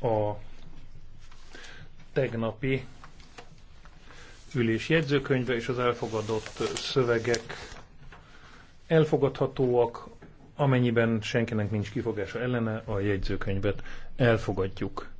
a tegnapi ülés jegyzőkönyve és az elfogadott szövegek elfogadhatóak, amennyiben senkinek nincs kifogása ellene, a jegyzőkönyvet elfogadjuk.